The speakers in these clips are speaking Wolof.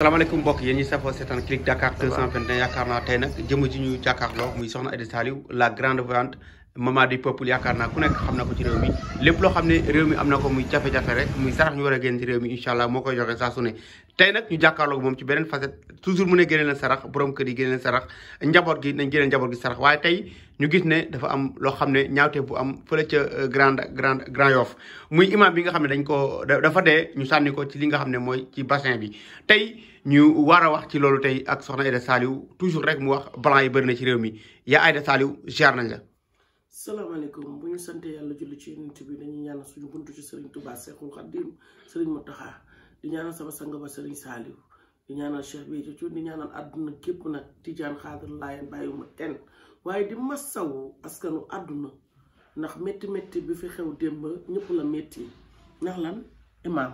salaamaaleykum mbokk yéen ñi safoo seetaan clic Dakar 221 yaakaar naa tey nag jëm ji ñu jàkkaarloo muy soxna Aida la grande voyante maman du peuple yaakaar naa ku nekk xam na ko ci réew mi lépp loo xam ne réew mi am na ko muy jafe-jafe rek muy sarax ñu war a génn mi incha allah moo koy joxe saa su tey nag ñu jàkkaarloog moom ci beneen facette toujours mu ne génne leen sarax borom kër yi génne leen sarax njaboot gi nañ génne njaboot gi sarax waaye tey ñu gis ne dafa am loo xam ne ñaawte bu am fële ca grande euh, grande grand Yoff muy imam bi nga xam ne dañ ko dafa dee ñu sànni ko ci li nga xam ne mooy ci bassin bi tey ñu war a wax ci loolu tey ak soxna Aïda Saliou toujours rek mu wax blanc yi bëri na ci réew mi yaa Aïda Saliou ziar nañ la salaamaaleykum bu ñu sante yàlla julli ci yonent bi dañuy ñaanal suñu buntu ci Serigne Touba di ñaanal sama sang ba sëriñ Saaliw di ñaanal Cheikh Béthio Thioune di ñaanal àdduna képp nag tijaan xaadir laayeen bàyyiwuma kenn waaye di massawu askanu àdduna ndax métti metti bi fi xew démb ñëpp la metti ndax lan imaam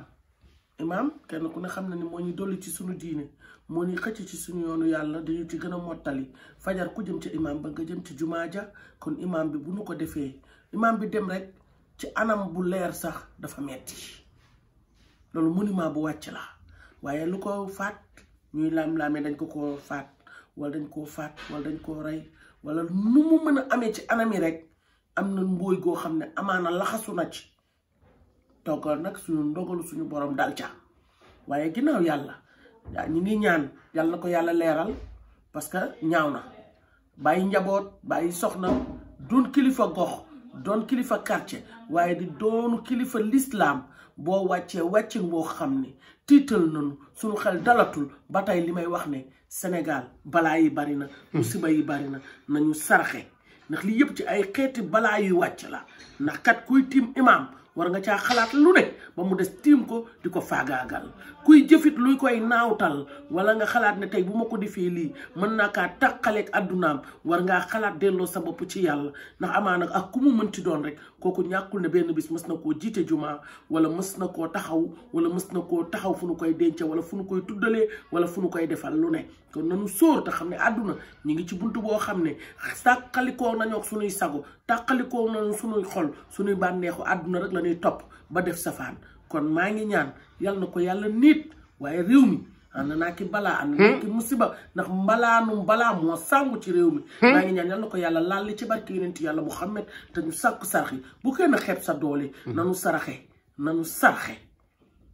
imaam kenn ku ne xam na ne moo ñu dolli ci suñu diine moo ñu xëcc ci suñu yoonu yàlla dañu ci gën a mottali fajar ku jëm ci imaam ba nga jëm ci jumaa ja kon imaam bi bu nu ko defee imaam bi dem rek ci anam bu leer sax dafa metti loolu monument bu wàcc la waaye lu ko faat ñuy laam-laamee dañ ko ko faat wala dañ koo faat wala dañ koo rey walla nu mu mën a amee ci anam yi rek am na mbóoy goo xam ne amaana laxasu na ci toggal nag suñu ndogalu suñu borom dal ca waaye ginnaaw yàlla ñu ngi ñaan yàlla na ko yàlla leeral parce que ñaaw na bàyyi njaboot bàyyi soxna doon kilifa gox doon kilifa quartier waaye di doonu kilifa lislaam boo wàccee wàcc woo xam ni tiital nañu suñu xel dalatul ba tey li may wax ne Sénégal balaa yi bari na hmm. musiba yi bari na nañu saraxe ndax li yëpp ci ay xeeti balaa yu wàcc la ndax kat kuy tiim imaam war nga caa xalaat lu ne ba mu des tiim ko di ko faagaagal kuy jëfit luy koy naawtal wala nga xalaat ne tey bu ma ko defee lii mën naa kaa tàqaleeg addunaam war ngaa xalaat delloo sa bopp ci yàlla ndax amaana ak ku mu mënti doon rek kooku ñàkkul na benn bis mës na koo jiite jumaa wala mës na koo taxaw wala mës na koo taxaw fu nu koy denc wala fu nu koy tuddalee wala fu nu koy defal lu ne kon nanu soo te xam ne àdduna ñu ngi ci buntu boo xam ne tàqalikoo nañu ak sunuy sago tàqalikoo su sunuy xol sunuy bànneexu àdduna rek la ñuy topp ba def safaan kon maa ngi ñaan yal na ko yàlla nit waaye réew mi ànd naa ki balaa am hmm? ànd naa ki musiba ndax mbalaanum balaa moo sàngu ci réew mi hmm? maa ngi ñaan yal na ko yàlla laal li ci barke yonent yàlla Muhammad te ñu sàkku sarax yi bu kenn xeeb sa doole hmm. nanu saraxe nanu saraxe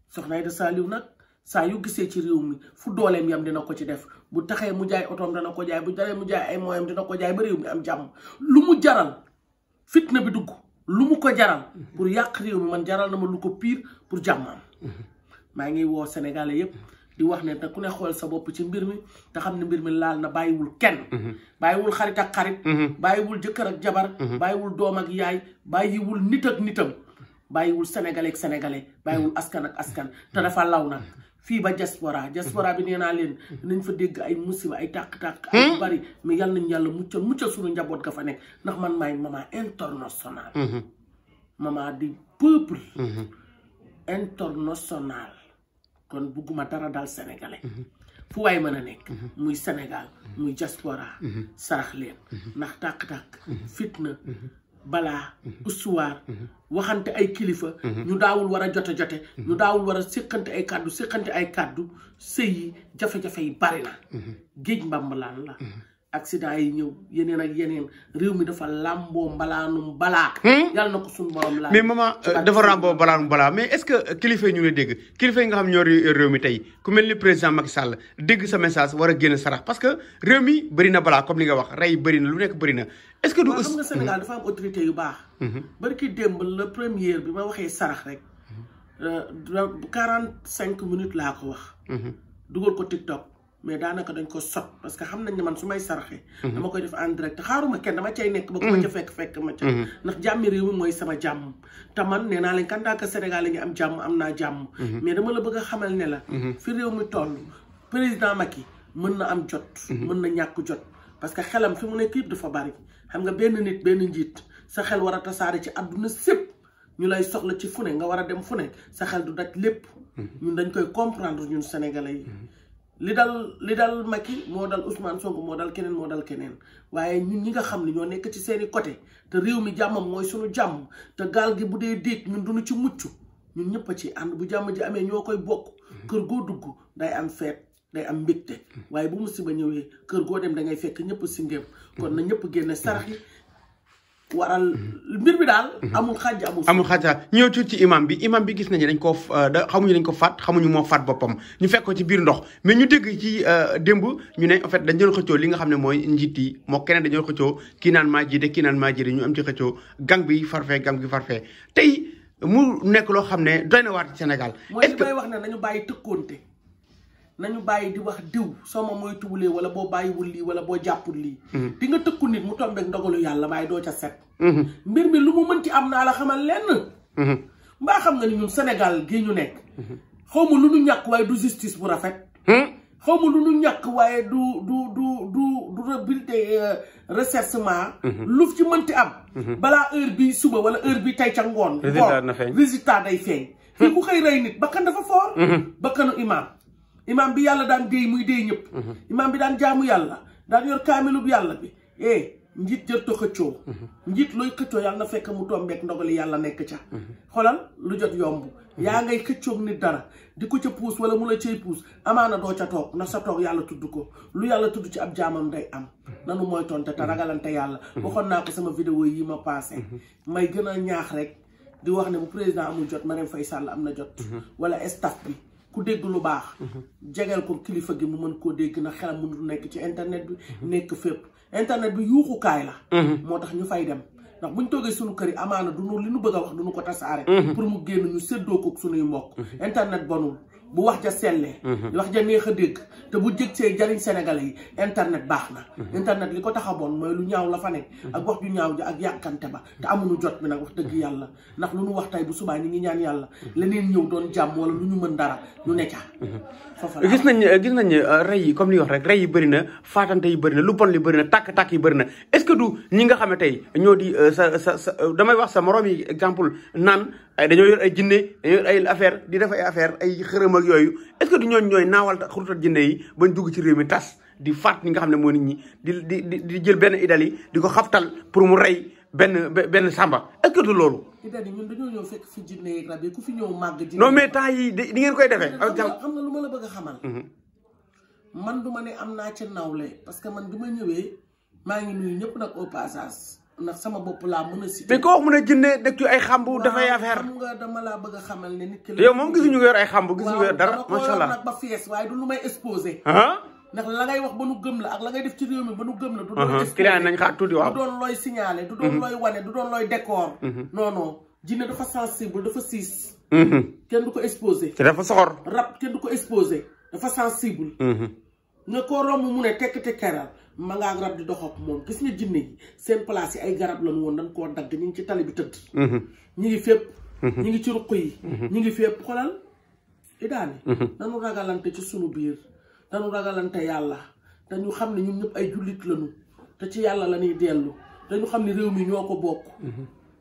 soxna Aida Saliou nag saa yu gisee ci réew mi fu dooleem yam dina ko ci def bu taxee mu jaay otoom dana ko jaay bu jaree mu jaay ay mooyam dina ko jaay ba réew mi am jàmm lu mu jaral fitna bi dugg lu mu ko jaral pour yàq réew mi man jaral na ma lu ko pire pour jàmm ngi woo Sénégalais yépp di wax ne te ku ne xool sa bopp ci mbir mi te xam ne mbir mi laal na bàyyiwul kenn mhm. bàyyiwul xarit ak xarit mhm. bàyyiwul jëkkër ak jabar mhm. bàyyiwul doom ak yaay bàyyiwul nit ak nitam bàyyiwul sénégalais ak sénégalais bàyyiwul askan ak askan te dafa law nag fii ba diaspora diaspora bi nee naa leen nañ fa dégg ay musiba ay tàq-tàq ay hmm? bari mais yàlla nañ yàlla muccal muccal suñu njaboot ga fa nekk ndax man maay maman international maman di peuple international kon bugguma dara dal sénégalais mhm. fu waay mën a nekk mhm. muy sénégal mhm. muy diaspora sarax leen ndax tàq-tàq fitna balaa ustuwaar waxante ay kilifa ñu daawul war a jote jote ñu daawul war a séqante ay kàddu séqante ay kàddu sëy yi jafe-jafe yi bari na géej mbambalaan la accident yi ñëw yeneen ak yeneen réew mi dafa làmboo mbalaanum balaa. Hmm? yàlla na ko suñu borom laa. mais maman euh, dafa làmboo mbalaanum balaa mais est-ce que kilifa ñu ngi dégg kilifa nga xam ñoo réew mi tey ku mel ni président Macky Sall dégg sa message war a génn sarax parce que réew mi bëri na balaa comme li nga wax rey bëri na lu nekk barina na. est-ce que du xam nga Sénégal hmm. dafa am autorité yu baax. Mhm. bari ki démb la première bi ma waxee sarax rek. Mhm. Euh, quarante cinq minutes laa ko wax. Mhm. dugal mais daanaka dañ ko sot parce que xam nañ ne man su may saraxe mhm. dama koy def en direct xaaruma kenn dama cay nekk ba ku ma mhm. ca fekk fekk ma ca mhm. ndax jàmmi réew mi mooy sama jàmm te man nee naa leen kan daaka Sénégal la am jàmm am naa jàmm mais dama la bëgg a xamal ne la fi réew mi toll président Macky mën na am jot mën na ñàkk jot parce que xelam fi mu nekk yëpp dafa bari xam benn nit benn njiit sa xel war a tasaare ci àdduna sépp ñu lay soxla ci fu nga war a dem fu ne sa xel du daj lépp ñun dañ koy comprendre ñun sénégalais yi li dal li dal Macky moo dal Ousmane Sonko moo dal keneen moo dal keneen waaye ñun ñi nga xam ne ñoo nekk ci seeni côté te réew mi jàmmam mooy suñu jàmm te gaal gi bu dee déeg ñun duñu ci mucc ñun ñëpp a ci ànd bu jàmm ji amee ñoo koy bokk. Mhm. kër goo dugg day am feet day am mbégte mhm. waaye bu musiba ñëwee kër goo dem da ngay fekk ñëpp si ngéem kon na ñëpp génne sarax yi waral mbir bi daal. Mhm. amul xàjj amul amul xàjj ñëw tuuti ci imaam bi imam bi gis nañu dañ koo euh, da xamuñu dañ ko faat xamuñu moo faat boppam ñu fekk ci biir ndox mais ñu dégg ci euh, démb ñu ne en fait dañ doon xëccoo li nga xam ne mooy njiit yi moo keneen dañoo xëccoo kii naan maa jiite kii naan maa jiite ñu am ci xëccoo gang bi farfee gang bi farfee tey mu nekk loo xam ne doy na waar ci Sénégal. est nañu bàyyi di wax diw soo ma mooy tubulee wala boo bàyyiwul lii wala boo jàppul lii mm-hmm. di nga tëkku nit mu tombeek ndogalu yàlla waaye doo ca set mm-hmm. mbir mi lu mu mënti am naa la xamal lenn mm-hmm. mbaa xam nga ni ñun Sénégal ñu nekk ma lu nu ñàkk waaye du justice bu rafet hmm? xaw ma lu nu ñàkk waaye du du du du du rebilté euh, lu ci mënti am balaa heure bi suba wala heure bi tey ca ngoon résultat day feeñ fii hmm? ku xëy rey nit bakkan dafa foor bakkanu imaam imaam bi yàlla daan déy muy déy ñëpp. Mhm. imaam bi daan jaamu yàlla daan yor kaamilub yàlla bi eh njiit jërta xëccoo mhm. njiit looy xëccoo yàlla na fekk mu tombeek ndogali yàlla nekk ca mhm. xoolal lu jot yomb yaa ngay xëccoog nit dara di ko ca puus wala mu la cay puus amaana doo ca toog na sa toog yàlla tudd ko lu yàlla tudd ci ab jaamam day am nanu mooy tonte te ragalante yàlla waxoon naa ko sama vidéo yi ma passé may gën a ñaax rek di wax ne bu président amul jot Marème Faye Sall am na jot wala bi ku dégg lu baax. Mhm. jegeel ko kilifa gi mu mën koo dégg na xelam mënul nekk ci internet bi. Mhm. nekk fépp internet bi yuuxukaay la. Mhm. moo tax ñu fay dem ndax ñu toogee suñu kër yi amaana du nu li nu bëgg a wax du nu ko tasaare. pour mu génn ñu séddoo ko suñuy mbokk. internet bonul. bu wax ja sellee mhm. wax ja neex a dégg te bu jëg see jariñ sénégalais yi internet baax na mhm. internet li ko tax bon mooy lu ñaaw la fa nekk mhm. ak wax ju ñaaw ja ak yàkkante ba te amuñu jot bi nag wax dëgg yàlla ndax lu ñu wax tey bu subaa ñi ngi ñaan yàlla leneen ñëw doon jàmm wala lu ñu mën dara ñu nekk ca foofa gis nañ gis nañ euh, rey yi comme li wax rek rey yi bëri na faatante yi bëri na lu bon li bëri tàkk-tàkk yi bëri est-ce que du ñi nga xam ne tey ñoo di euh, sa sa sa euh, damay wax sa moroom yi exemple naan ay dañoo yor ay jinne dañoo yor ay affaire di def ay affaire ay xërëm ak yooyu est-ce que du ñooñu ñooy naawal xurutal jinne yi bañ dugg ci réew mi tas di faat ñi nga xam ne moo nit ñi di di di jël benn idali di ko xabtal pour mu rey benn benn sàmba est-ce que du loolu. idali ñun dañoo ñëw fekk fi jinne yi rab yi ku fi ñëw màgg. non mais temps yi di ngeen koy defee. xam nga lu ma la bëgg a xamal. Mhm. man du ma ne am naa ci nawle parce que man bi ma ñëwee maa ngi nuyu ñëpp nag au passage. ndax sama bopp laa mën a cité. mais ko xam nga dama laa xamal ne nit ki yow moom gisuñu nga yor ay xambu gisuñu nga yor dara macha allah nag ba fees waaye du lu may exposé ah? ndax la gëm la la ngay def ci réew mi ba nu gëm la du doon uh-huh. du doon looy signalé du doon uh-huh. looy wane du doon looy décor uh-huh. non non jinne dafa sensible dafa siis kenn du ko exposé te dafa soxor rab kenn du ko exposé dafa sensible nga ko romb mu ne tekk te keral ma ngaa rab di dox ak moom gis nga jinne yi seen place yi ay garab lañu woon dañ koo dagg ñu ngi ci tali bi tëdd mhm. ñu ngi fépp mhm. ñu ngi ci ruq yi mhm. ñu ngi fépp xolal i daani ragalante ci sunu biir dañu ragalante yàlla dañu xam ne ñun ñëpp ay jullit lañu te ci yàlla la ñuy dellu dañu xam ne réew mi ñoo ko bokk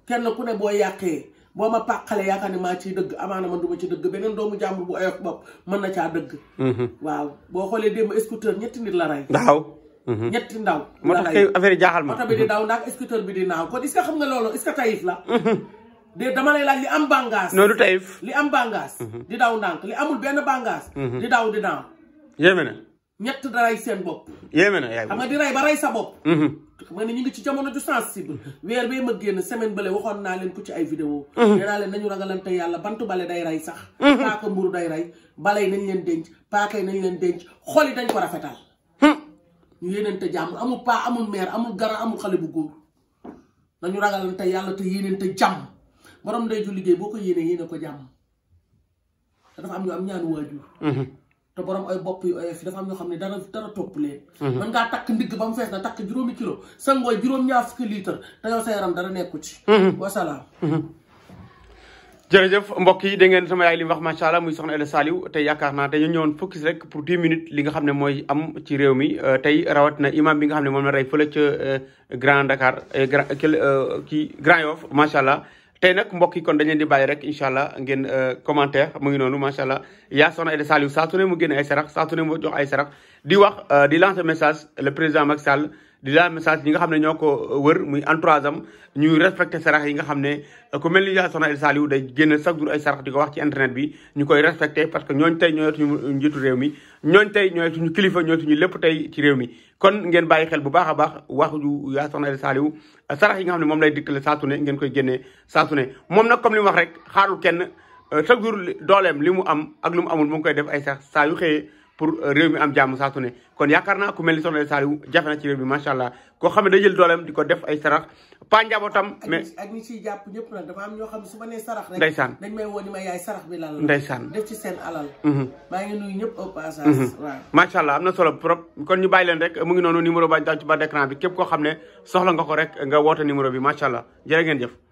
kenn ku ne boo yàqee boo ma pàqalee yaakaar ne maa ciy dëgg amaana man du ma ci dëgg beneen doomu jàmbur bu ayof bopp mën na caa dëgg mhm. waaw boo xoolee démb scooter ñetti nit la rey waaw mhm. ñetti ndaw moo tax kay affaire jaaxal ma oto bi di bi di naaw kon est-ce xam nga loolu est-ce tayif la mhm. de dama lay laaj li am bàngaas noonu tayif li am bàngaas di daw ndànk li amul benn bàngaas di daw di naaw yéeme na ñett da rey seen bopp yéeme na yaay xam nga di rey ba rey sa bopp xam ne ñu ngi ci jamono ju sensible mm-hmm. weer bee ma génn semaine bële waxoon naa leen ko ci ay vidéo mm-hmm. nee naa leen nañu ragalante yàlla bantu bale day rey sax mm-hmm. paaka mburu day rey bale yi nañ leen denc paaka yi nañ leen denc xol yi dañ ko rafetal ñu yéeneente jàmm amul paa amul meer amul gara amul xale bu góor nañu ragalante yàlla te yéeneente jàmm borom ndey ju liggéey boo ko yéenee yéene ko jàmm dafa am nga am ñaanu waajur te borom ay bopp yu oyof dafa am ñoo xam ne dara dara topp leen. Mhm. mën ngaa takk ndigg ba mu fees na takk juróomi kilo sangooy juróom-ñaar fukki litre te yow sa yaram dara nekku mhm. mhm. yi dégg ngeen sama yaay li mu wax muy soxna Aida Saliou tey naa dañu ñëwoon focus rek pour 10 minutes li nga xam ne mooy am ci réew mi euh, tey rawatina imam bi nga xam ne moom la rey fële ca euh, Grand Dakar euh, grand kii Grand Yoff allah. tey nag mbokk yi kon dañ leen di bàyyi rek incha allah ngeen euh, commentaire mu ngi noonu macha allah yaa soxna Aïda a saa su ne mu génne ay sarax saa su ne mu jox ay sarax di wax euh, di lancer message le président Macky Sall di la message ñi xam ne ñoo ko wër muy entourage am ñuy respecté sarax yi nga xam ne ku mel ni yaa soxna day génn chaque jour ay di ko wax ci internet bi ñu koy respecté parce que ñooñ tey ñooytuñu njiitu réew mi ñooñ tey ñooytuñu kilifa ñooytuñu lépp tey ci réew mi kon ngeen bàyyi xel bu baax a baax wax ju yaa soxna El Saliou yi nga xam ne moom lay dikkale saa ngeen koy génnee saa su moom nag comme li mu wax rek xaarul kenn euh, chaque jour dooleem li mu am ak lu mu amul mu ngi koy def ay sax saa yu pour réew mi am jàmm saa su kon yaakaar na ku mel ni soxna Saliou jafe na ci réew mi allah koo xam ne day jël dooleem di ko def ay sarax pa njabootam. mais ak ñëpp nag dafa am ñoo su ma nee sarax rek. ndeysaan ma yaay sarax bi lan mhm. mhm. allah am na solo trop kon ñu bàyyi leen rek mu ngi noonu numéro baa ñu taw bi képp koo xam ne soxla nga ko rek nga woote numéro bi macha allah jërë ngeen jëf.